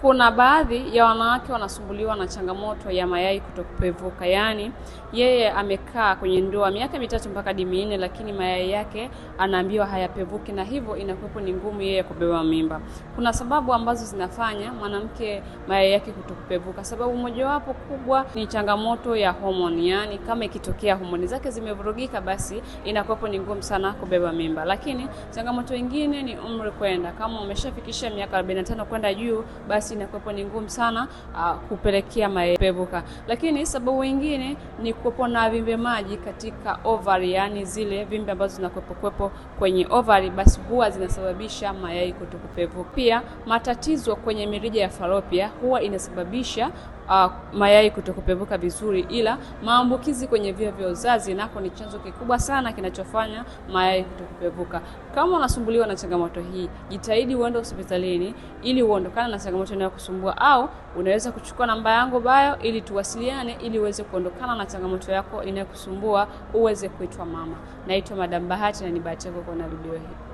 kuna baadhi ya wanawake wanasumbuliwa na changamoto ya mayai kutokupevuka, yaani yeye amekaa kwenye ndoa miaka mitatu mpaka hadi minne, lakini mayai yake anaambiwa hayapevuki, na hivyo inakuwepo ni ngumu yeye kubeba mimba. Kuna sababu ambazo zinafanya mwanamke mayai yake kutokupevuka. Sababu mojawapo kubwa ni changamoto ya homoni, yaani kama ikitokea homoni zake zimevurugika, basi inakuwepo ni ngumu sana kubeba mimba. Lakini changamoto ingine ni umri kwenda, kama umeshafikisha miaka 45 kwenda juu, basi basi inakuwa ni ngumu sana uh, kupelekea mapevuka. Lakini sababu nyingine ni kuwepo na vimbe maji katika ovary, yani zile vimbe ambazo zinakuwepo kuwepo kwenye ovari, basi huwa zinasababisha mayai kutokupevuka. Pia matatizo kwenye mirija ya falopia huwa inasababisha uh, mayai kutokupevuka vizuri, ila maambukizi kwenye via vya uzazi nako ni chanzo kikubwa sana kinachofanya mayai kutokupevuka. Kama unasumbuliwa na changamoto hii, jitahidi uende hospitalini ili uondokane na changamoto inayokusumbua, au unaweza kuchukua namba yangu bayo ili tuwasiliane, ili uweze kuondokana na changamoto yako inayokusumbua uweze kuitwa mama. Naitwa Madam Bahati na ni bahati yako kuona video hii.